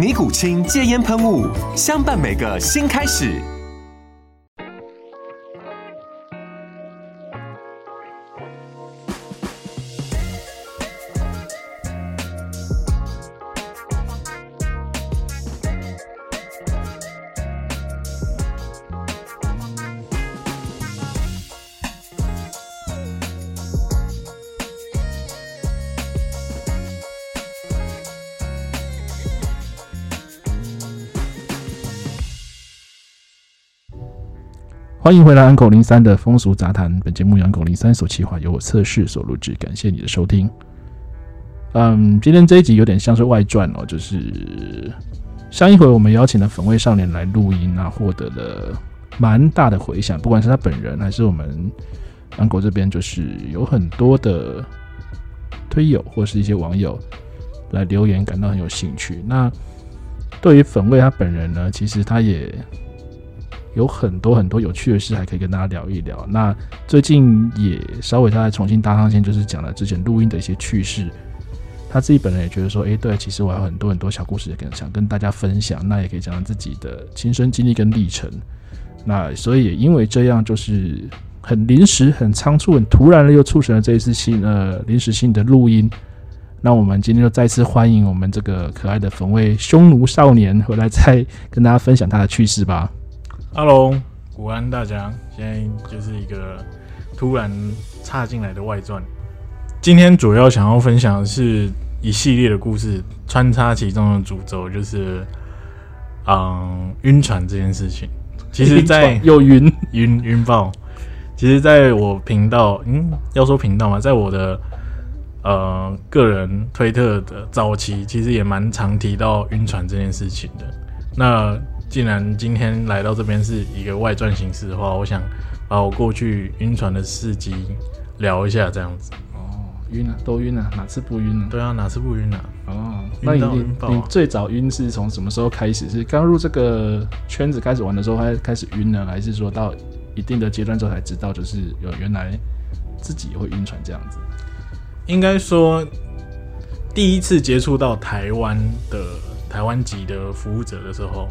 尼古清戒煙噴霧，相伴每個新開始。.歡迎回來，Uncle 零三的風俗雜談。本節目由 Uncle 零三所企劃，由我測試所錄製。感謝你的收聽。嗯，今天這一集有點像是外傳哦，就是上一回我們邀請了粉味少年來錄音啊，獲得了蠻大的回響，不管是他本人還是我們 Uncle 這邊，就是有很多的推友或是一些網友來留言，感到很有興趣。那對於粉味他本人呢，其實他也。有很多很多有趣的事還可以跟大家聊一聊。那最近也稍微他在重新搭上線，就是講了之前錄音的一些趣事。他自己本人也覺得說：“哎，對，其實我還有很多很多小故事也想跟大家分享。”那也可以講講自己的親身經歷跟歷程。那所以也因為這樣，就是很臨時、很倉促、很突然的，又促成了這一次新，呃臨時性的錄音。那我們今天就再次歡迎我們這個可愛的粉味胸奴少年回來，再跟大家分享他的趣事吧。哈嘍，午安大家。現在就是一個突然插進來的外傳。今天主要想要分享的是一系列的故事，穿插其中的主軸就是，嗯、呃，暈船這件事情。其實在，在又暈暈暈爆。其實，在我頻道，嗯，要說頻道嘛，在我的呃個人推特的早期，其實也蠻常提到暈船這件事情的。那既然今天來到這邊是一個外傳形式的話，我想把我過去暈船的事蹟聊一下，這樣子。哦，暈了、啊，都暈了、啊，哪次不暈呢、啊？對啊，哪次不暈啊？哦，那你暈到暈爆、啊、你最早暈是從什麼時候開始？是剛入這個圈子開始玩的時候還開始暈呢？還是說到一定的階段之後才知道，就是有原來自己也會暈船這樣子？應該說，第一次接觸到台灣的台灣籍的服務者的時候。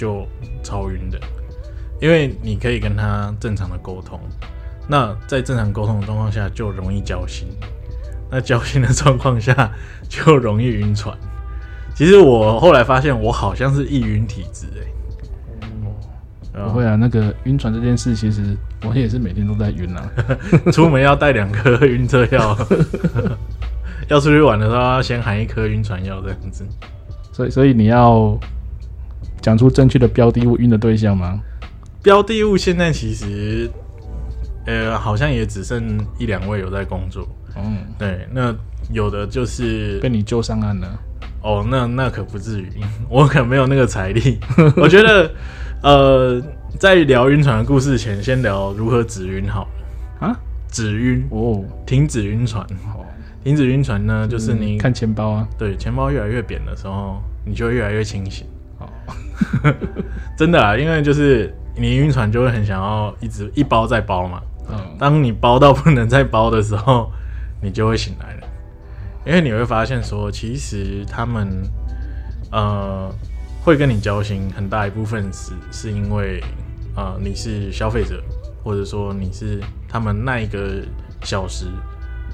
就超暈的，因為你可以跟他正常的溝通，那在正常溝通的狀況下就容易交心，那交心的狀況下就容易暈船。其實我後來發現我好像是易暈體質哎、欸。不會啊，那個暈船這件事，其實我也是每天都在暈啊， 出門要帶兩顆暈車藥， 要出去玩的時候要先含一顆暈船藥這樣子，所以所以你要。講出正確的標的物暈的對象嗎？標的物現在其實，呃，好像也只剩一兩位有在工作。嗯、哦，對，那有的就是被你救上岸了。哦，那那可不至於，我可沒有那個財力。 我覺得，呃，在聊暈船的故事前，先聊如何止暈好。啊？止暈暈？哦，停止暈船。哦，停止暈船呢，嗯、就是你看錢包啊。對，錢包越來越扁的時候，你就越來越清醒。 真的啊，因為就是你暈船就會很想要一直一包再包嘛。嗯，當你包到不能再包的時候，你就會醒來了。因為你會發現說，其實他們呃會跟你交心，很大一部分是是因為呃，你是消費者，或者說你是他們那一個小時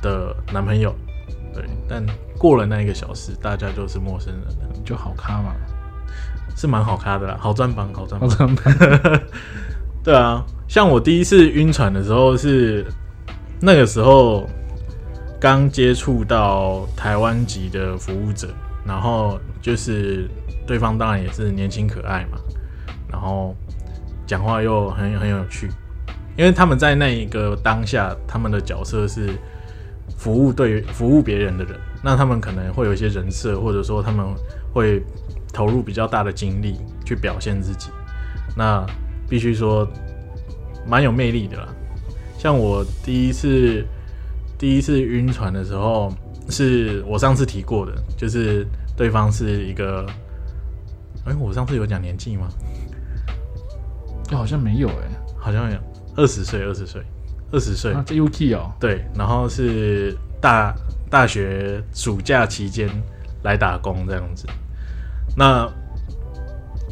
的男朋友。對，但過了那一個小時，大家就是陌生人了，就好咖嘛。是蠻好咖的啦，好賺版，好賺版。好 對啊，像我第一次暈船的時候是那個時候剛接觸到台灣籍的服務者，然後就是對方當然也是年輕可愛嘛，然後講話又很很有趣，因為他們在那一個當下，他們的角色是服務對服務別人的人，那他們可能會有一些人設，或者說他們會。投入比較大的精力去表現自己，那必須說蠻有魅力的啦。像我第一次第一次暈船的時候，是我上次提過的，就是對方是一個，哎、欸，我上次有講年紀嗎？哦？好像沒有、欸，哎，好像有二十歲，二十歲，二十歲，這 UK 哦，對，然後是大大學暑假期間來打工這樣子。那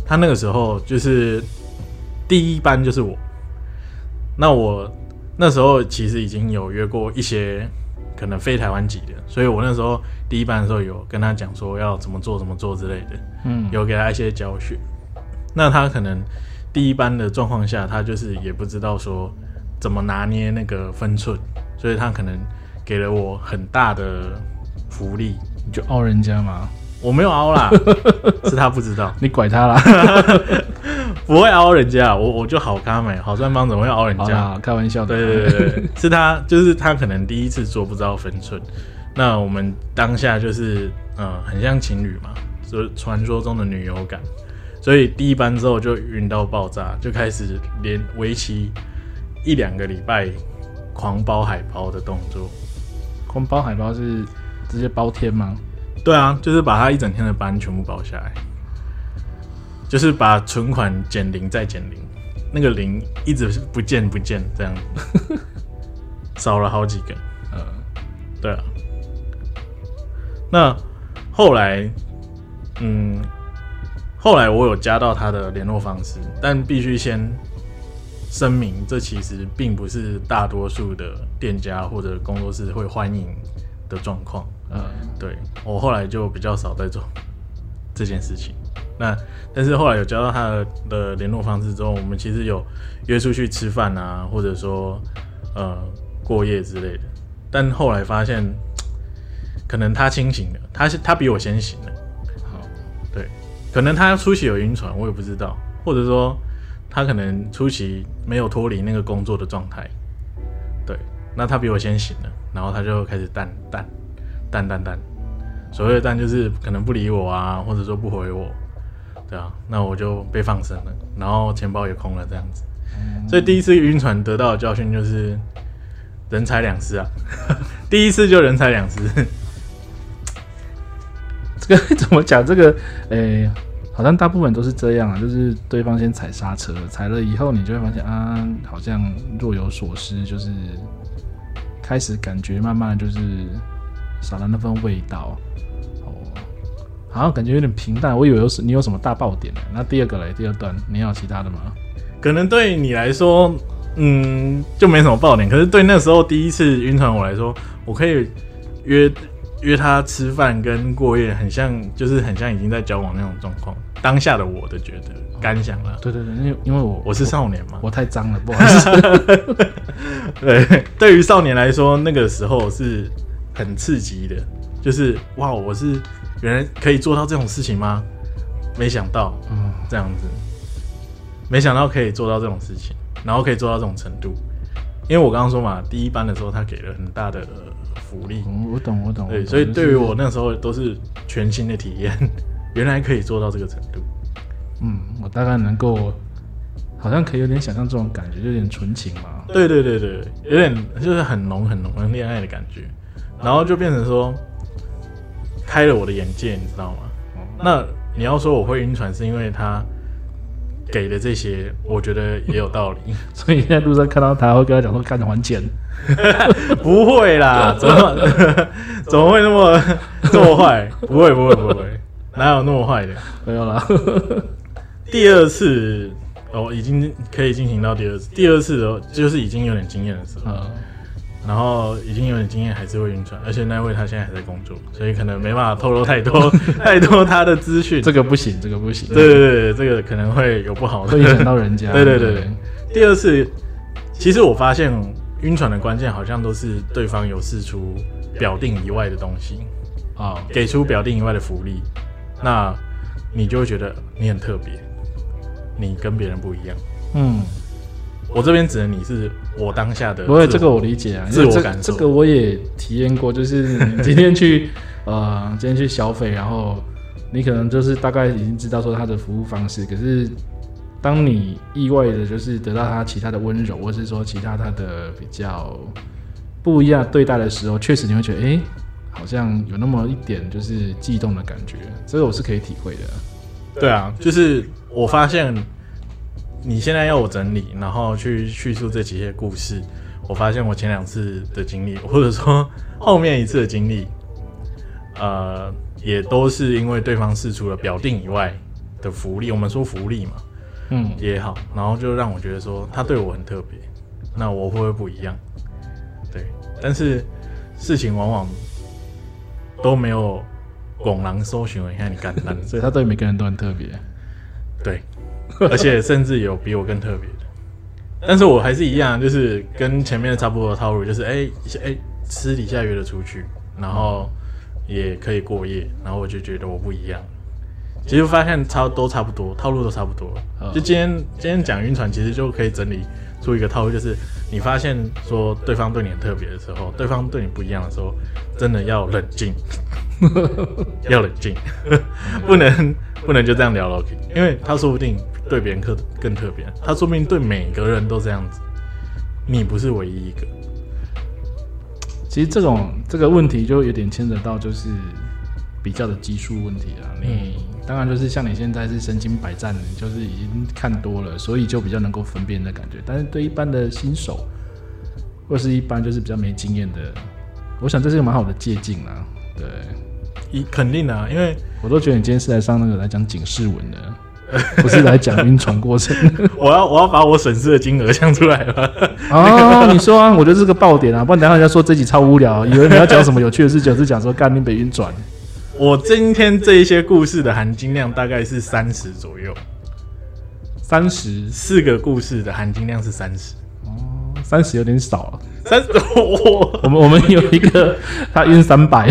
他那個時候就是第一班，就是我。那我那時候其實已經有約過一些可能非台灣籍的，所以我那時候第一班的時候有跟他講說要怎麼做怎麼做之類的，嗯，有給他一些教學。那他可能第一班的狀況下，他就是也不知道說怎麼拿捏那個分寸，所以他可能給了我很大的福利，你就傲人家嘛。我沒有凹啦， 是他不知道，你拐他啦， 不會凹人家，我我就好看美、欸，好帥棒，怎麼會凹人家？好好開玩笑的，對對對對，是他，就是他可能第一次做不知道分寸。 那我們當下就是，嗯、呃，很像情侶嘛，就是傳說中的女友感，所以第一班之後就暈到爆炸，就開始連為期一兩個禮拜狂包海包的動作，狂包海包是直接包天嗎？對啊，就是把他一整天的班全部包下來，就是把存款減零再減零，那個零一直不見不見，這樣呵呵，少了好幾個，呃，對啊，那後來，嗯，後來我有加到他的聯絡方式，但必須先聲明，這其實並不是大多數的店家或者工作室會歡迎的狀況。嗯，呃，對，我後來就比較少在做這件事情。那但是後來有交到他的，的聯絡方式之後，我們其實有約出去吃飯啊，或者說呃過夜之類的。但後來發現，可能他清醒了，他是他比我先醒了。好、嗯，對，可能他出席有暈船，我也不知道，或者說他可能出席沒有脫離那個工作的狀態。對，那他比我先醒了，然後他就開始淡淡。蛋蛋蛋，所謂的蛋就是可能不理我啊，或者說不回我，對啊，那我就被放生了，然後錢包也空了，這樣子。嗯、所以第一次暈船得到的教訓就是人財兩失啊呵呵，第一次就人財兩失。這個怎麼講？這個、欸、好像大部分都是這樣啊，就是對方先踩剎車，踩了以後你就會發現啊，好像若有所失，就是開始感覺慢慢就是。少了那份味道，啊，哦，好像感覺有點平淡。我以為有是，你有什麼大爆點呢？欸。那第二個來，第二段，你有其他的嗎？可能對你來說，嗯，就沒什麼爆點。可是對那時候第一次暈船我來說，我可以約約他吃飯跟過夜，很像，就是很像已經在交往那種狀況。當下的我的覺得感，哦、想了。對對對，因為因為我我是少年嘛，我，我太髒了，不好意思。 對，對於少年來說，那個時候是。很刺激的，就是哇！我是原來可以做到這種事情嗎？沒想到，嗯，這樣子，沒想到可以做到這種事情，然後可以做到這種程度。因為我剛剛說嘛，第一班的時候他給了很大的、呃、福利，嗯，我懂，我懂，我懂，對，所以對於我那時候都是全新的體驗，就是，原來可以做到這個程度。嗯，我大概能夠，好像可以有點想象這種感覺，就有點純情嘛。對對對對，有點就是很濃很濃很戀愛的感覺。然後就變成說，開了我的眼界，你知道嗎？嗯、那你要說我會暈船，是因為他給的這些，我覺得也有道理。所以現在路上看到他會跟他講說，趕緊還錢。 不會啦，對怎麼怎麼會那麼這麼壞？ 不會不會不會， 哪有那麼壞的？沒有啦。 第二次哦，已經可以進行到第二次，第二次的時候就是已經有點經驗的時候。嗯然後已經有點經驗，還是會暈船。而且那位他現在還在工作，所以可能沒辦法透露太多，哦、太多他的資訊。這個不行，這個不行。對，對對對，這個可能會有不好的，會影響到人家。對對對對，第二次，其實我發現暈船的關鍵好像都是對方有釋出表定以外的東西啊，哦、給出表定以外的福利，那你就會覺得你很特別，你跟別人不一樣。嗯。我這邊指的你是我當下的自我自我，不是，不會這個我理解啊，因為我感覺這個我也體驗過，就是你今天去 呃今天去消費，然後你可能就是大概已經知道說他的服務方式，可是當你意外的就是得到他其他的溫柔，或是說其他他的比較不一樣對待的時候，確實你會覺得哎、欸，好像有那麼一點就是悸動的感覺，這個我是可以體會的。對啊，就是我發現。你現在要我整理，然後去敘述這幾些故事。我發現我前兩次的經歷，或者說後面一次的經歷，呃，也都是因為對方釋出了表定以外的福利。我們說福利嘛，嗯，也好。然後就讓我覺得說他對我很特別。那我會不會不一樣？對，但是事情往往都沒有廣囊搜尋。你看你剛剛，所以 他對每個人都很特別。對。 而且甚至有比我更特別的，但是我還是一樣，就是跟前面差不多的套路，就是哎哎、欸欸、私底下約了出去，然後也可以過夜，然後我就覺得我不一樣。其實發現差都差不多，套路都差不多。就今天今天講暈船，其實就可以整理出一個套路，就是你發現說對方對你很特別的時候，對方對你不一樣的時候，真的要冷靜， 要冷靜， 不能不能就這樣聊了，因為他說不定。對別人特、更特別，他說明對每個人都這樣子，你不是唯一一個。其實這種這個問題就有點牽扯到，就是比較的基數問題啊。你當然就是像你現在是身經百戰，你就是已經看多了，所以就比較能夠分辨的感覺。但是對一般的新手或是一般就是比較沒經驗的，我想這是個蠻好的借鑑啊。對，一肯定的啊，因為我都覺得你今天是來上那個來講警示文的。不是來講暈船過程， 我要我要把我損失的金額講出來了 哦，你說啊，我就是個爆點啊，不然等下人家說這集超無聊，以為你要講什麼有趣的事情， 是講說乾冰被暈船。我今天這一些故事的含金量大概是三十左右，三十四個故事的含金量是三十，哦，三十有點少了，三十、哦，我們我們有一個他暈三百，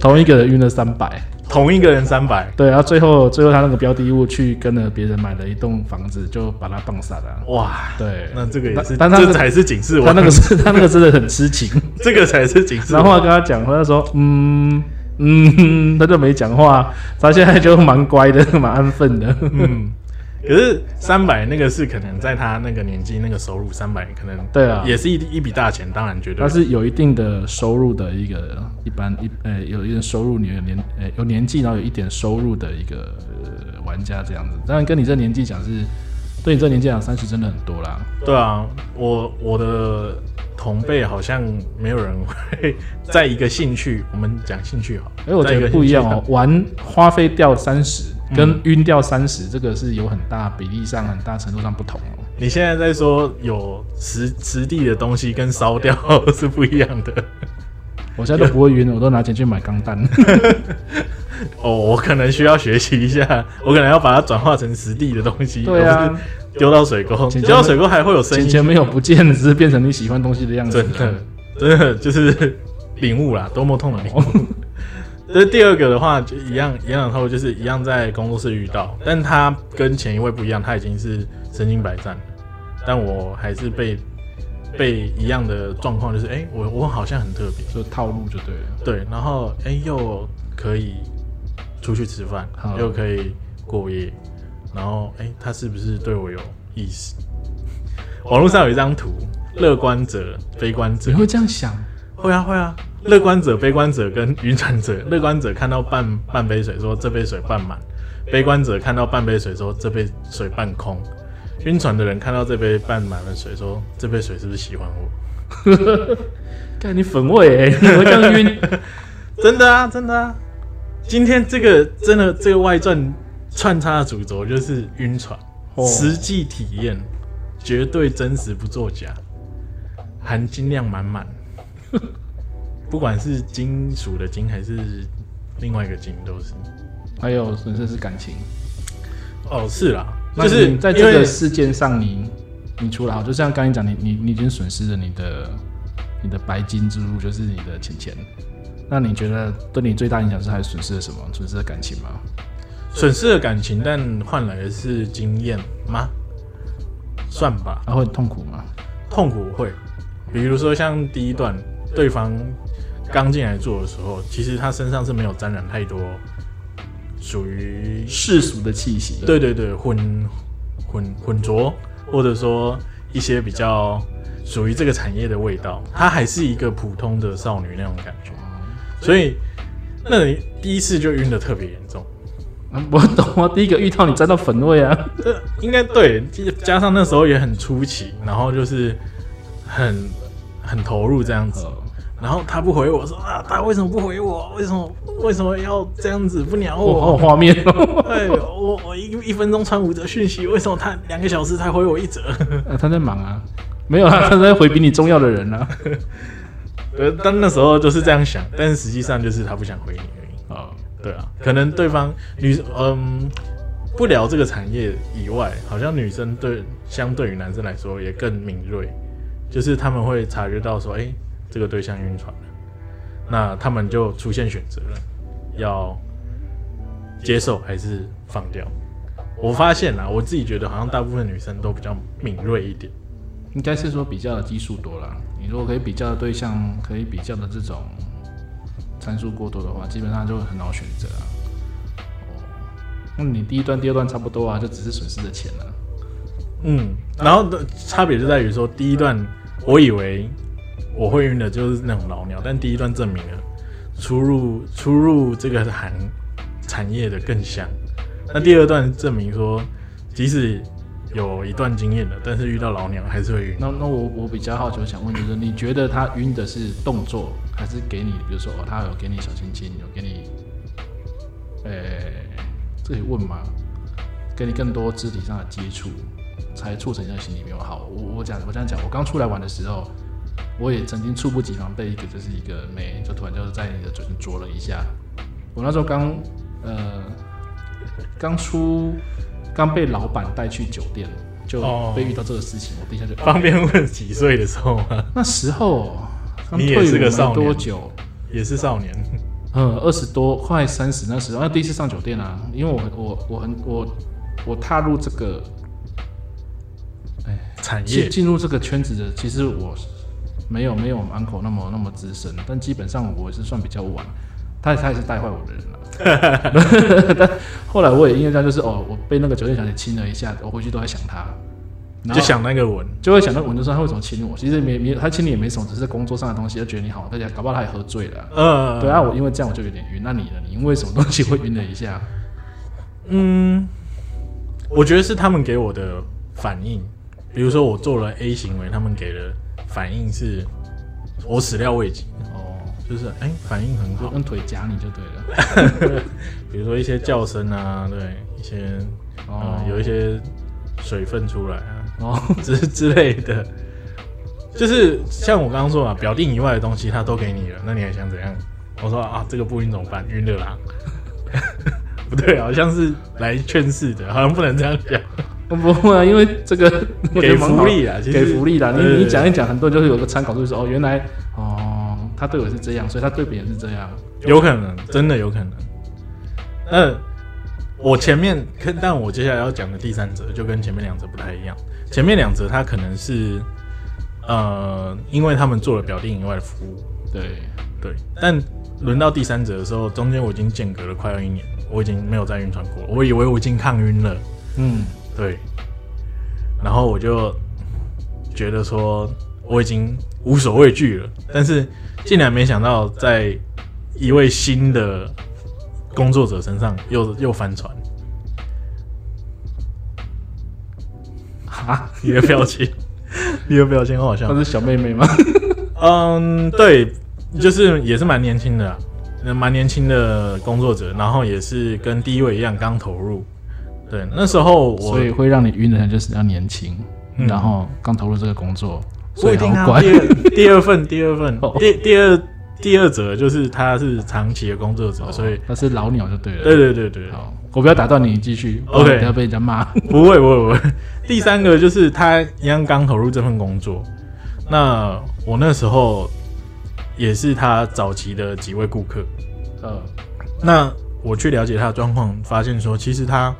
同一個人暈了三百。同一個人三百、啊，對、啊，然後最後最後他那個標的物去跟了別人買了一棟房子，就把他放散了。哇，對，那這個也是，但他、那個、這才是警示，他那個是他那個真的很痴情，這個才是警示。然後跟他講，他說，嗯嗯，他就沒講話，他現在就蠻乖的，蠻安分的，嗯嗯可是三百，那個是可能在他那個年紀那個收入三百，可能對啊也是一一筆大錢，當然覺得、啊、他是有一定的收入的一個一般一呃、欸、有一點收入你有年呃、欸、有年紀然後有一點收入的一個、呃、玩家這樣子，當然跟你這年紀講是對你這年紀講三十真的很多啦，對啊我我的同輩好像沒有人會在一個興趣我們講興趣好哎、欸、我覺得不一樣哦、喔、玩花費掉三十。跟暈掉三十，這個是有很大比例上，很大程度上不同，嗯、你現在在說有實實地的東西跟燒掉是不一樣的。我現在都不會暈了，我都拿錢去買鋼彈。 哦，我可能需要學習一下，我可能要把它轉化成實地的東西。對啊，丟到水溝，丟全到水溝還會有聲音。錢前沒有不見，只是變成你喜歡東西的樣子。真的，對的，就是領悟啦，多麼痛的領悟。哦 所以第二個的話，就一樣，演完後就是一樣在工作室遇到，但他跟前一位不一樣，他已經是身經百戰了，但我還是被被一樣的狀況，就是哎，我我好像很特別，就套路就對了，對，然後哎又可以出去吃飯，了又可以過夜，然後哎他是不是對我有意思？網絡上有一張圖，樂觀者、悲觀者，觀者你會這樣想？會啊會啊！樂觀者、悲觀者跟暈船者。樂觀者看到半半杯水說，說這杯水半滿；悲觀者看到半杯水說，說這杯水半空；暈船的人看到這杯半滿了水說，說這杯水是不是喜歡我？ 幹，你粉味，欸，你這樣暈， 真的啊，真的啊！今天這個真的這個外傳串插的主軸就是暈船，實際體驗絕對真實不作假，含金量滿滿。 不管是金屬的金還是另外一個金都是，還有損失是感情哦，是啦，那你 就是在這個事件上，你你除了好就像剛才講，你你你已經損失了你的你的白金之路，就是你的錢錢，那你覺得對你最大影響是還損失了什麼？損失了感情嗎？損以失了感情，但換來的是經驗嗎？算吧。啊，會痛苦嗎？痛苦會，比如說像第一段。對方剛進來做的時候，其實他身上是沒有沾染，太多屬於世俗的氣息。對對對，混混混濁，或者說一些比較屬於這個產業的味道，他還是一個普通的少女那種感覺。對所以，那你第一次就暈的特別嚴重。我懂我、啊、第一個遇到你沾到粉味啊，應該對，加上那時候也很初期，然後就是很很投入這樣子。然後他不回我說啊，他為什麼不回我？為什麼為什麼要這樣子不鳥我？畫面、喔，哎，我我一一分鐘傳五則訊息，為什麼他兩個小時才回我一則、啊？他在忙啊，沒有啊，他在回比你重要的人呢、啊。呃， 但那時候就是這樣想，但是實際上就是他不想回你而已。啊、哦，對啊，可能對方女嗯、呃、不聊這個產業以外，好像女生對相對於男生來說也更敏銳，就是他們會察覺到說，哎、欸。這個對象暈船了，那他們就出現選擇了，要接受還是放掉？我發現了啊，我自己覺得好像大部分女生都比較敏銳一點，應該是說比較的基數多了。你如果可以比較的對象，可以比較的這種參數過多的話，基本上就很好選擇啊。哦，那你第一段、第二段差不多啊，就只是損失的錢了。嗯，然後差別就在於說，第一段我以為。我會暈的，就是那種老鳥。但第一段證明了，出入出入這個行產業的更像。那第二段證明說，即使有一段經驗了，但是遇到老鳥還是會暈。那那我我比較好奇，我想問就是，你覺得他暈的是動作，還是給你，比如說哦，他有給你小親親，有給你，呃、欸，這些問嘛，給你更多肢體上的接觸，才促成這樣心理面好。我我講我這樣講，我剛出來玩的時候。我也曾經猝不及防被一個就是一個美，就突然就是在你的嘴上啄了一下。我那時候剛呃剛出剛被老板帶去酒店，就被遇到這個事情。哦，我等一下就方便問幾歲的時候嗎？那時候退多久你也是個少年，多久也是少年？嗯，二十多快三十那時候，那第一次上酒店啊，因為我我我很我我踏入這個哎產業進入這個圈子的，其實我。沒有沒有，Uncle 那麼那麼資深，但基本上我也是算比較晚，他他也是帶壞我的人了，啊。 但後來我也因為這樣，就是哦，我被那個酒店小姐親了一下，我回去都在想他，就想那個吻，就會想那個吻的時候，他為什麼親我其實沒沒他親你也沒什麼，只是工作上的東西，就覺得你好，大家搞不好他也喝醉了，啊。嗯、uh，對啊，我因為這樣我就有點暈。那你呢？你因為什麼東西會暈了一下？嗯，我覺得是他們給我的反應，比如說我做了 A 行為，他們給了。反應是，我始料未及哦，就是、欸、反應很多，用腿夾你就對了 對。比如說一些叫聲啊，對，一些哦，有一些水分出來啊，哦，之之類的，就是像我剛剛說啊，表定以外的東西他都給你了，那你還想怎樣？我說啊，這個不暈怎麼辦？暈的啦， 不對，好像是來勸世的，好像不能這樣講。不會啊，因為這個給福利啊，給福利的。對對對，你你講一講，很多就是有個參考，就是說哦，原來哦，呃，他對我是這樣，所以他對別人是這樣。有可能，就真的有可能。那我前面，可但我接下來要講的第三者就跟前面兩者不太一樣。前面兩者他可能是呃，因為他們做了表定以外的服務。對對。但輪到第三者的時候，中間我已經間隔了快要一年，我已經沒有再暈船過了。我以為我已經抗暈了。嗯。對，然後我就覺得說我已經無所畏懼了，但是竟然沒想到在一位新的工作者身上又又翻船。啊蛤！你的表情， 你的表情我好像。她是小妹妹嗎？嗯 ，um, 對，就是也是蠻年輕的，蠻年輕的工作者，然後也是跟第一位一樣剛投入。對，那時候我所以會讓你暈的人就是要年輕，嗯、然後剛投入這個工作，所以老怪。第二份，第二份，oh. 第第二第二者就是他是長期的工作者，oh. 所以他、哦、是老鳥就對了。對，對對對對，好，我不要打斷你，繼 Okay. 續。OK，不要被人家罵。不會不會不會。第三個就是他一樣剛投入這份工作，那我那時候也是他早期的幾位顧客，呃，那我去了解他的狀況，發現說其實他。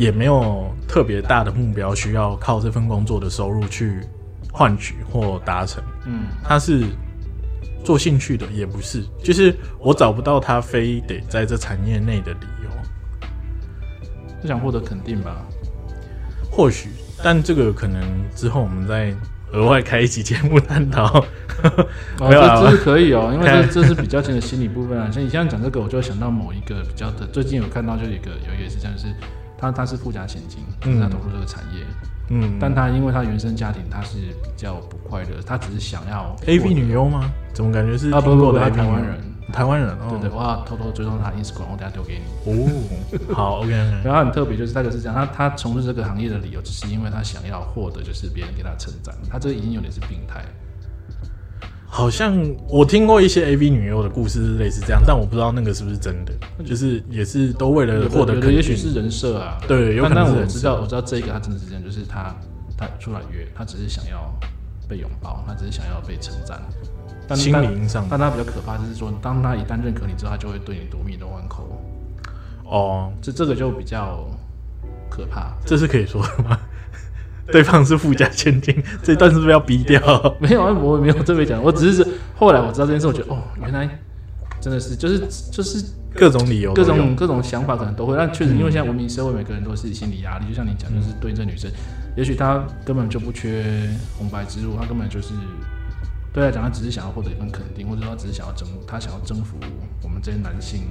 也沒有特別大的目標需要靠這份工作的收入去換取或達成。嗯，他是做興趣的，也不是，就是我找不到他非得在這產業內的理由。是想獲得肯定吧？或許，但這個可能之後我們再額外開一期節目探討。沒 有、啊，這,這是可以哦，因為這看這是比較前的心理部分啊。像你現在講這個，我就想到某一個比較的，最近有看到就一個有一個事情是。他他是富家千金，嗯、他投入這個產業，嗯，但他因為他原生家庭他是比較不快樂，他只是想要 AV 女優嗎？怎麼感覺是他、啊、不是不不，他台灣人，台灣人，人哦、對，對對，我要偷偷追蹤他 Instagram，我等下丟給你。哦，好 OK, okay.。然後很特別就是大概是這樣，他他從事這個行業的理由只是因為他想要獲得就是別人給他成長。他這個已經有點是病態。好像我聽過一些 A V 女優的故事類似這樣，但我不知道那個是不是真的，就是也是都為了獲得，可也許是人設啊。對，有可能。但,但我知道，設我知道這一個他真的是這樣，就是他他出來約，他只是想要被擁抱，他只是想要被稱讚。但但但，心理上，但但他比較可怕就是說，當他一旦認可你之後，他就會對你奪命的彎扣。哦、oh,，這這個就比較可怕，對對這是可以說的嗎？對方是富家千金，這一段是不是要逼掉？ 沒有，我沒有這麼講。我只是後來我知道這件事，我覺得哦，原來真的是就是就是各種、各種理由、各種各種想法可能都會。但確實，因為現在文明社會，每個人都是心理壓力。就像你講，就是對這女生，嗯、也許她根本就不缺紅白之路，她根本就是對她講，她只是想要獲得一份肯定，或者說他只是想要徵，她想要征服我們這些男性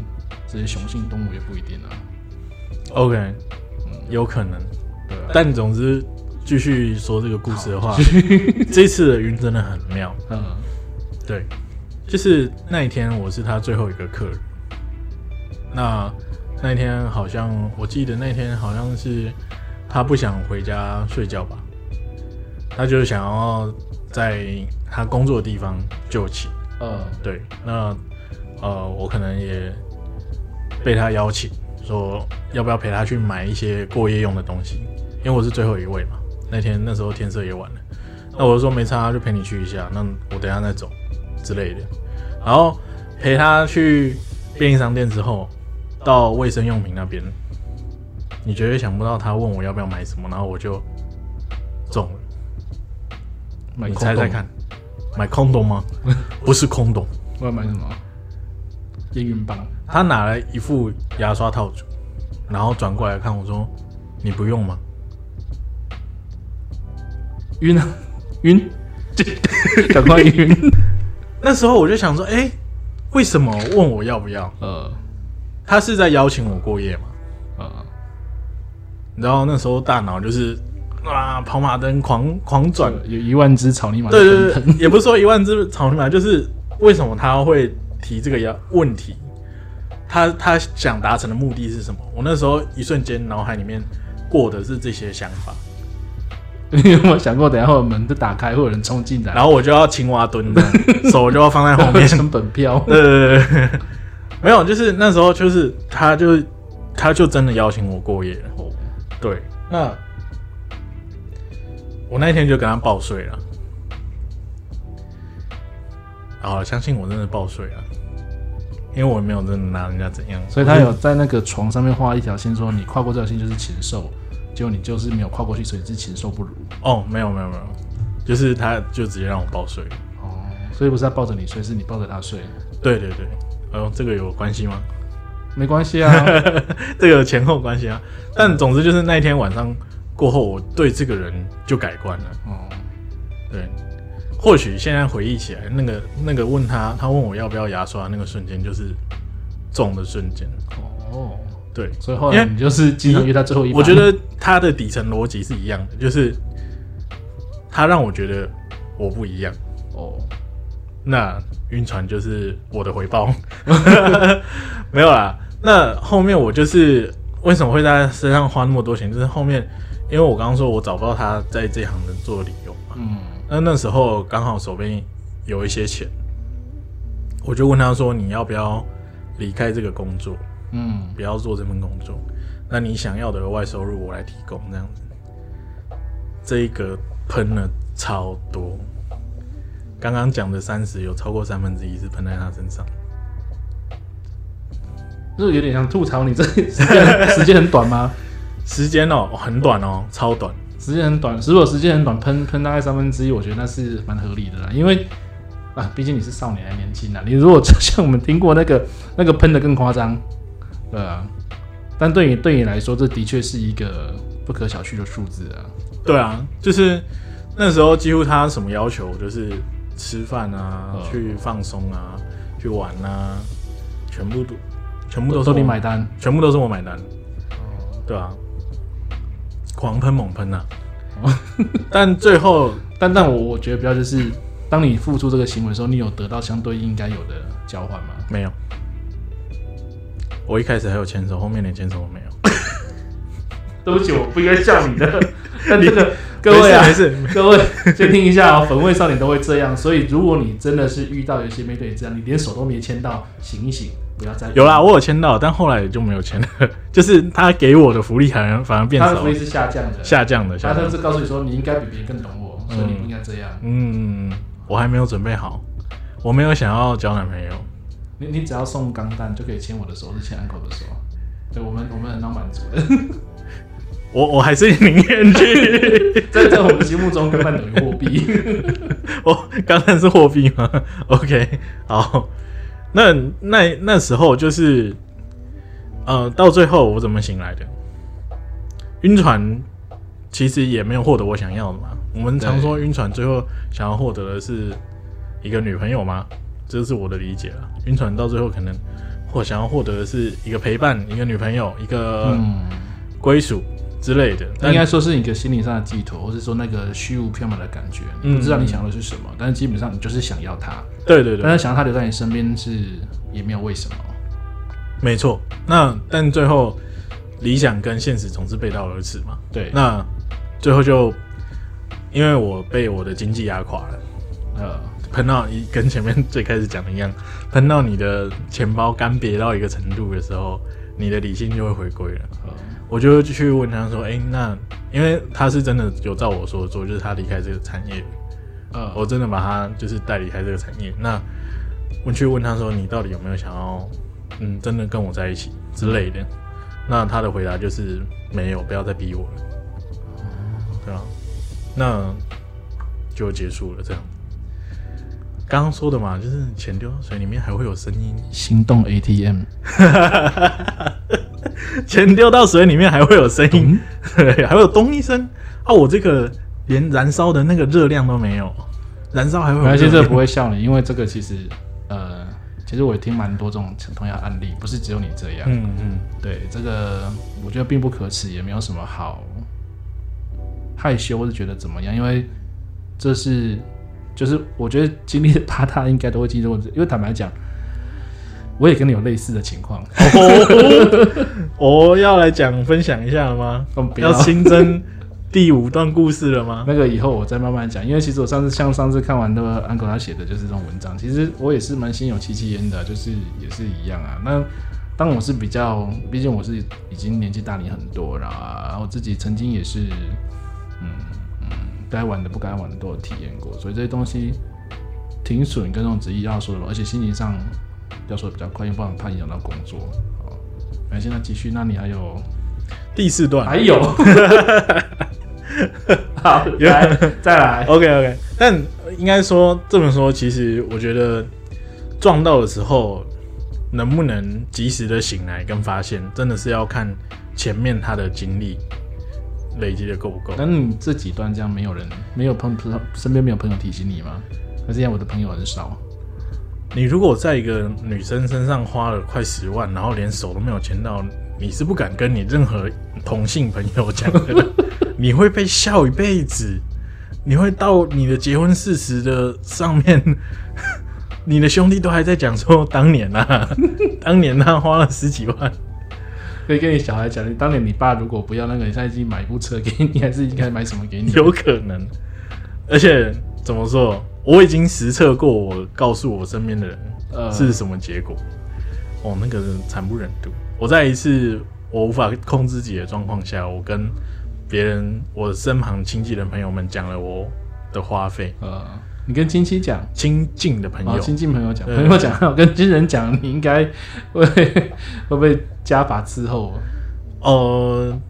這些雄性動物也不一定啊。OK，、嗯、有可能，對、啊，但總之。繼續說這個故事的話， 對這次的暈真的很妙。嗯，對，就是那一天我是他最後一個客人。那那一天好像我記得那天好像是他不想回家睡覺吧，他就是想要在他工作的地方就寢。嗯，對。那呃，我可能也被他邀請，說要不要陪他去買一些過夜用的東西，因為我是最後一位嘛。那天那時候天色也晚了，那我就說沒差，就陪你去一下，那我等一下再走之類的，然後陪他去便利商店之後，到衛生用品那邊，你絕對想不到他問我要不要買什麼，然後我就中了，你猜猜看，買空洞嗎？ 不是空洞，我要買什麼？驗孕棒。他拿了一副牙刷套組，然後轉過來看我說，你不用嗎？暈啊，暈，這趕快暈。那時候我就想說，哎、欸，為什麼問我要不要？呃，他是在邀請我過夜嗎？呃，然後那時候大腦就是啊，跑馬燈狂狂轉，有一萬只草泥馬噴噴。對對對，也不是說一萬只草泥馬，就是為什麼他會提這個要問題？他他想達成的目的是什麼？我那時候一瞬間腦海裡面過的是這些想法。你有沒有想過，等一下，門都打開，會有人衝進來，然後我就要青蛙蹲，蹲， 手我就要放在後面，成本票。呃，沒有，就是那時候，就是他就，就他，就真的邀請我過夜了。哦、對，那我那天就跟他爆睡了。好，相信我真的爆睡了，因為我沒有真的拿人家怎樣，所以他有在那個床上面畫一條線，說你跨過這條線就是禽獸。就你就是沒有跨過去，所以是禽獸不如。哦，沒有沒有沒有，就是他，就直接讓我抱睡。哦，所以不是他抱着你睡，是你抱着他睡。對對對，哎呦，哦，這個有關係嗎？沒關係啊， 這個前後關係啊。但總之就是那一天晚上過後，我對這個人就改觀了。哦，對，或許現在回憶起來，那個那個問他，他問我要不要牙刷，那個瞬間就是中的瞬間。哦。對，所以後來你就是經常遇到最後一，我覺得他的底層邏輯是一樣的，就是他讓我覺得我不一樣哦。那暈船就是我的回報， 沒有啦。那後面我就是為什麼會在身上花那麼多錢，就是後面因為我剛剛說我找不到他在這行能做的理由嘛，嗯，那那時候剛好手邊有一些錢，我就問他說，你要不要離開這個工作。嗯，不要做這份工作。那你想要的額外收入，我來提供。這樣子，這一個噴了超多。剛剛講的三十，有超過三分之一是噴在他身上，就是有點像吐槽你這時間時間很短嗎？ 時間哦、喔，很短哦、喔，超短。時間很短，如果時間很短，噴噴大概三分之一，3, 我覺得那是蠻合理的啦。因為啊，畢竟你是少年，還年輕啦。你如果就像我們聽過那個那個噴得更誇張。對啊，但對你對你來說，這的確是一個不可小覷的數字啊。對啊，就是那時候幾乎他什麼要求，就是吃飯啊、哦、去放鬆啊、去玩啊，全部都全部都是你買單，全部都是我買單。哦、嗯，對啊，狂噴猛噴啊。但最後，但但我我覺得比較就是，當你付出這個行為的時候，你有得到相對應該有的交換嗎？沒有。我一開始還有牽手，後面連牽手都沒有。 對不起，我不應該叫你的。 但、這個、你，各位啊，沒事，各位就事聽一下啊， 粉味少年都會這樣。所以如果你真的是遇到有些妹對你這樣，你連手都沒牽到，醒一醒，不要再有啦。我有牽到，但後來就沒有牽了。就是他給我的福利還，反而反而變少，他的福利是下降的，下降的。下降他就是告訴你說，你應該比別人更懂我，所以你不應該這樣。嗯，我還沒有準備好，我沒有想要交男朋友。你你只要送鋼彈就可以牽我的手，是牽 uncle 的手。對，我們我們很難滿足的。 我我還是寧願去， 在在我們心目中根本等於貨幣。哦， 鋼彈是貨幣嗎？OK，好。那那那時候就是，嗯、呃，到最後我怎麼醒來的？暈船其實也沒有獲得我想要的嘛。我們常說暈船最後想要獲得的是一個女朋友嗎？這是我的理解了。暈船到最後，可能我想要獲得的是一個陪伴、一個女朋友、一個歸屬之類的。嗯、但那應該說是一個心理上的寄托，或是說那個虛無縹緲的感覺。嗯、不知道你想要的是什麼，嗯、但是基本上你就是想要他。對對對。但是想要他留在你身邊是也沒有為什麼。沒錯。那但最後理想跟現實總是背道而馳嘛。對。那最後就因為我被我的經濟壓垮了，呃。噴到一跟前面最開始講的一樣，噴到你的錢包乾癟到一個程度的時候，你的理性就會回歸了。嗯、我就去問他說：“哎、欸，那因為他是真的有照我說的做，就是他離開這個產業，嗯、我真的把他就是帶離開這個產業。那我去問他說：‘你到底有沒有想要，嗯，真的跟我在一起之類的？’嗯、那他的回答就是：‘沒有，不要再逼我了。嗯’對啊，那就結束了，這樣。”剛剛說的嘛，就是錢丟到水裡面還會有聲音，心動 ATM，錢丟到水裡面還會有聲音，咚。對，還有咚一聲啊。哦！我這個連燃燒的那個熱量都沒有，燃燒還會有。擔心這個不會笑你，因為這個其實呃，其實我也聽蠻多這種同樣案例，不是只有你這樣。嗯嗯，嗯。對，這個我覺得並不可恥，也沒有什麼好害羞或者覺得怎麼樣，因為這是。就是我覺得經歷，怕他應該都會記住，過，因為坦白講，我也跟你有類似的情況。我要來講分享一下了嗎？哦、不要，要新增第五段故事了嗎？ 那個以後我再慢慢講，因為其實我上次像上次看完的 Uncle 他寫的，就是這種文章，其實我也是蠻心有戚戚焉的，就是也是一樣啊。那當我是比較，畢竟我是已經年紀大你很多了，我自己曾經也是。該玩的不該玩的都有體驗過，所以這些東西挺損，跟這種職業要說的，而且心情上要說的比較快，又不能怕影響到工作。好，那、哎、現在繼續，那你還有第四段？還有， 好，來有再來，再來，OK OK。但應該說這麼說，其實我覺得撞到的時候能不能及時的醒來跟發現，真的是要看前面他的經歷。累積的夠不夠？但你這幾段這樣沒，沒有人沒有朋友身邊沒有朋友提醒你嗎？可是現在我的朋友很少。你如果在一個女生身上花了快十萬，然後連手都沒有牽到，你是不敢跟你任何同性朋友講的， 你會被笑一輩子。你會到你的結婚事實的上面，你的兄弟都還在講說，當年啊，當年他、啊、花了十幾萬。可以跟你小孩講，你當年你爸如果不要那個，你下次自己買一部車給你，還是應該買什麼給你？有可能，而且怎麼說，我已經實測過，我告訴我身邊的人是什麼結果，呃、哦，那個人慘不忍睹。我在一次我無法控制自己的狀況下，我跟別人，我身旁親戚的朋友們講了我的花費，呃你跟親戚講，親近的朋友，親近朋友講，朋友講，跟親人講，你應該會會不會家法伺候？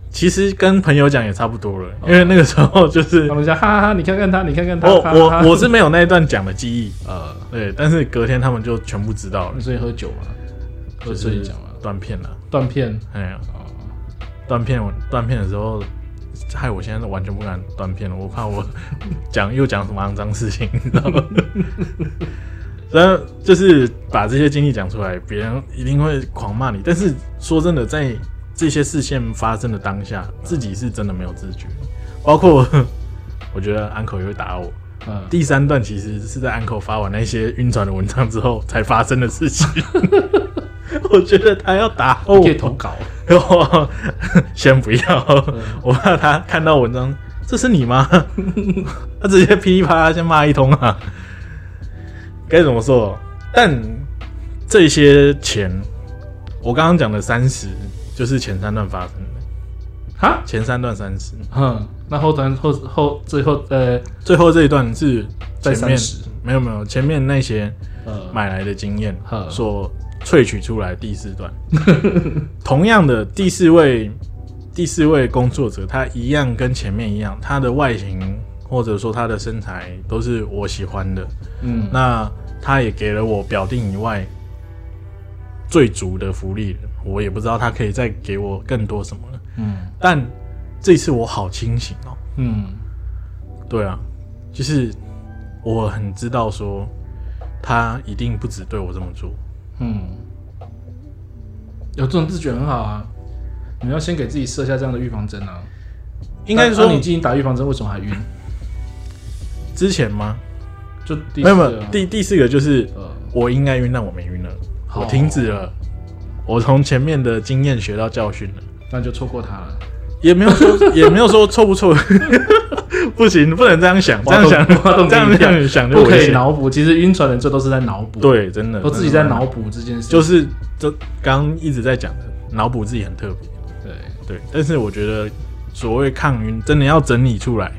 其實跟朋友講也差不多了，因為那個時候就是他們講，哈哈哈！你看看他，你看看他。我我我是沒有那一段講的記憶，呃，對，但是隔天他們就全部知道了。你最近喝酒嗎？喝醉酒了，斷片了，斷片，哎呀，斷片，斷片的時候。害我現在完全不敢斷片了，我怕我講又講什麼骯髒事情，你知道嗎？但、 嗯、就是把這些經歷講出來，別人一定會狂罵你。但是說真的，在這些事件發生的當下，自己是真的沒有自覺。包括我覺得 Uncle 也會打我。嗯，第三段其實是在 Uncle 發完那些暈船的文章之後才發生的事情。 我覺得他要打、哦、我，可以投稿先不要，嗯、我怕他看到文章，這是你嗎？ 他直接噼裡啪啦先罵一通啊！該怎麼說？但這些錢，我剛剛講的三十，就是前三段發生的。哈，前三段三十，嗯，那後段後後最後呃，最後這一段是前面沒有沒有前面那些買來的經驗說。嗯萃取出來第四段， 同樣的第四位第四位工作者，他一樣跟前面一樣，他的外形或者說他的身材都是我喜歡的，嗯，那他也給了我表定以外最足的福利了，我也不知道他可以再給我更多什麼了，嗯，但這次我好清醒哦，嗯，嗯對啊，就是我很知道說他一定不只對我這麼做。嗯，有這種自覺很好啊！你要先給自己設下這樣的預防針啊。應該是說、啊、你進行打預防針，為什麼還暈？之前嗎？就第沒有沒有，第第四個就是我應該暈，但我沒暈了，我停止了，哦、我從前面的經驗學到教訓了，那就錯過他了。也沒有說 也沒有說錯不錯， 不行不能這樣想，這樣想這樣想,想就不可以腦補。其實暈船人這都是在腦補，對，真的，都自己在腦補這件事，就是這剛一直在講的腦補自己很特別，對對。但是我覺得所謂抗暈，真的要整理出來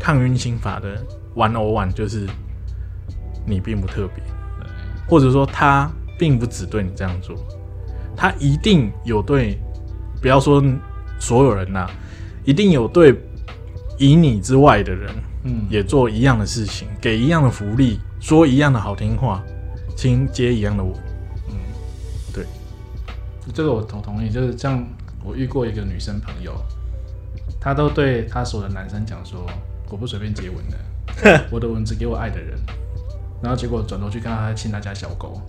抗暈心法的玩偶玩，就是你並不特別，或者說他並不只對你這樣做，他一定有對，嗯、不要說。所有人吶、啊，一定有對以你之外的人，嗯，也做一樣的事情，嗯、給一樣的福利，說一樣的好聽話，親接一樣的吻，嗯，對，這個我同同意，就是像我遇過一個女生朋友，她都對她所有的男生講說，我不隨便接吻的， 我的吻只給我愛的人。然後結果轉頭去看到她親她家小狗。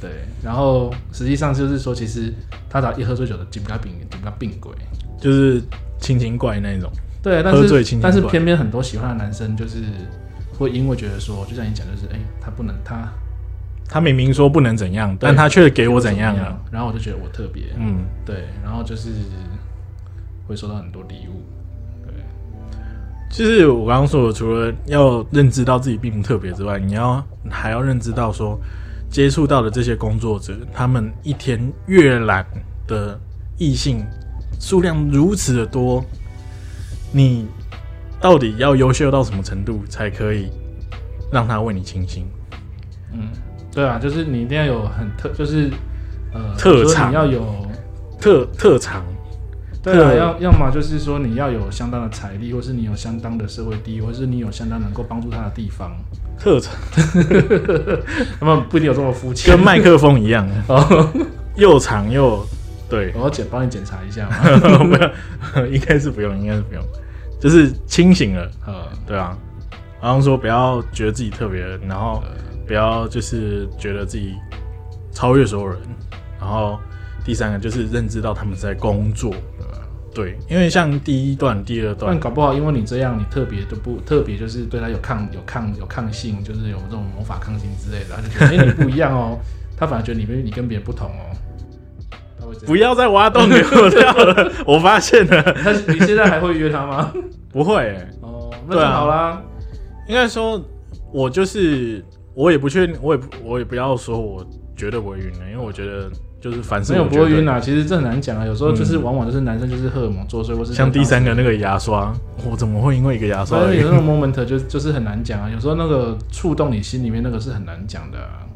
對，然後實際上就是說，其實他只要一喝醉酒的，就比較病，比較病鬼，就是清情怪那一種。對，但是喝是但是偏偏很多喜歡的男生，就是會因為覺得說，就像你講，就是哎、欸，他不能他，他明明說不能怎樣，對但他卻給我怎樣，啊、然後我就覺得我特別，嗯，對，然後就是會收到很多禮物，對，其實我剛剛說的，除了要認知到自己並不特別之外，你要還要認知到說。接觸到的這些工作者，他們一天閱覽的異性數量如此的多，你到底要優秀到什麼程度才可以讓他為你傾心？嗯，對啊，就是你一定要有很特，就是呃特長特，特長要有特特長。對啊，要要麼就是說你要有相當的財力，或是你有相當的社會地位，或是你有相當能夠幫助他的地方。特長， 他們不一定有這麼膚淺。跟麥克風一樣，哦、又長又對。我要檢幫你檢查一下嗎？ 應該是不用，應該是不用。就是清醒了，呃、嗯，對啊。然後說不要覺得自己特別，然後不要就是覺得自己超越所有人。然後第三個就是認知到他們在工作。對，因為像第一段、第二段，但搞不好因為你這樣，你特別都不特別，就是對他有抗、有抗、有抗性，就是有這種魔法抗性之類的，就覺得、欸、你不一樣哦， 他反而覺得你你跟別人不同哦，這個、不要再挖洞給我跳了， 我發現了。他你現在還會約他嗎？不會、欸、哦，那就好啦。啊、應該說，我就是我也不確定，我也我也不要說我覺得我暈了，因為我覺得。就是反正、嗯、沒有不會暈啊，其實這很難講啊。有時候就是往往就是男生就是荷爾蒙作祟，或是像第三個那個牙刷，我怎麼會因為一個牙刷？有時候 moment，就是、就是很難講啊。有時候那個觸動你心裡面那個是很難講的啊。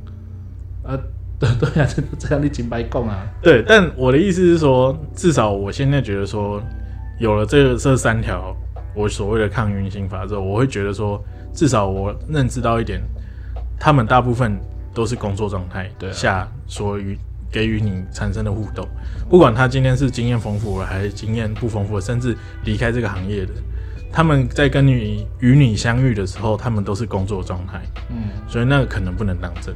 啊對，對啊，這這樣立清白講啊。對，但我的意思是說，至少我現在覺得說，有了這這三條我所謂的抗暈心法之後，我會覺得說，至少我認知到一點，他們大部分都是工作狀態下，所以給予你產生的互動，不管他今天是經驗豐富了還是經驗不豐富的，甚至離開這個行業的，他們在跟你與你相遇的時候，他們都是工作狀態，嗯，所以那個可能不能當真。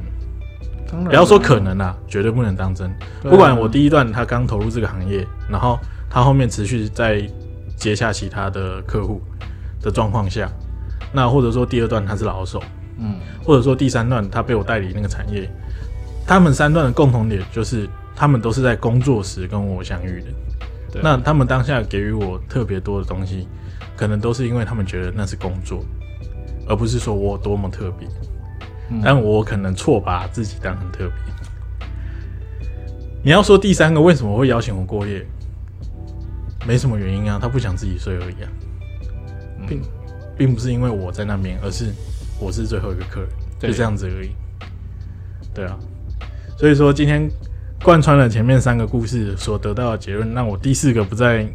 當然不要說可能啦，啊，絕對不能當真。對，不管我第一段他剛投入這個行業，然後他後面持續在接下其他的客戶的狀況下，那或者說第二段他是老手，嗯，或者說第三段他被我代理那個產業。他們三段的共同點就是，他們都是在工作時跟我相遇的。對那他們當下給予我特別多的東西，可能都是因為他們覺得那是工作，而不是說我多麼特別。嗯、但我可能錯把自己當成特別。你要說第三個為什麼會邀請我過夜？沒什麼原因啊，他不想自己睡而已啊，嗯、並並不是因為我在那邊，而是我是最後一個客人，對就這樣子而已。對啊。所以說，今天貫穿了前面三個故事所得到的結論，讓我第四個不再，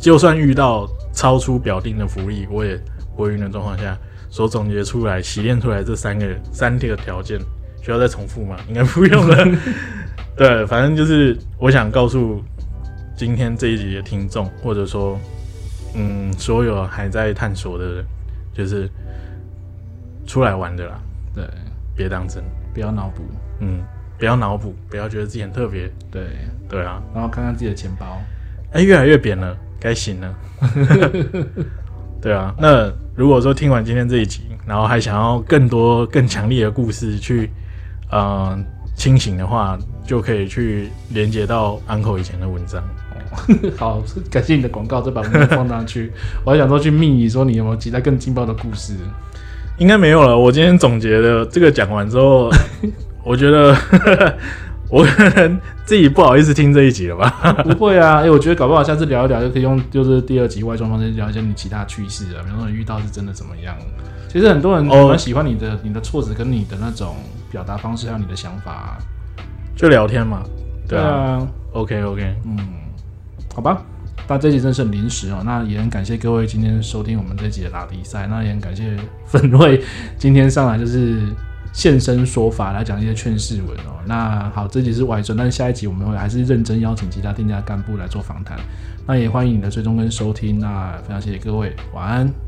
就算遇到超出表定的福利，我也會暈的狀況下所總結出來、洗鍊出來這三個、三個條件，需要再重复嗎？應該不用了。 對，反正就是我想告訴今天這一集的聽眾，或者說，嗯，所有還在探索的人，就是出來玩的啦，對，別當真，不要腦補，嗯。不要腦補，不要覺得自己很特別。對對啊，然後看看自己的錢包，哎、欸，越來越扁了，該醒了。 對啊，那如果說聽完今天這一集，然後還想要更多更強烈的故事去，嗯、呃，清醒的話，就可以去連接到 Uncle 以前的文章。 好，感謝你的廣告，再把文章放上去。 我還想說，去密你說你有沒有其他更勁爆的故事？應該沒有了。我今天總結的這個講完之後。 我覺得呵呵我可能自己不好意思聽這一集了吧、啊？不會啊，哎、欸，我覺得搞不好下次聊一聊就可以用，就是第二集外裝方式聊一下你其他趣事啊，比方說你遇到是真的怎麼樣？其實很多人很喜歡你的、oh, 你的措辭跟你的那種表達方式還有你的想法，啊，就聊天嘛，對啊，對啊，OK OK，嗯，好吧，那這集真是臨時哦。那也很感謝各位今天收聽我們這集的拉力賽，那也很感謝粉味今天上來就是。現身說法來講一些勸世文哦、喔。那好，這集是外傳，但下一集我們會還是認真邀請其他店家幹部來做訪談。那也歡迎你的追蹤跟收聽。那非常謝謝各位，晚安。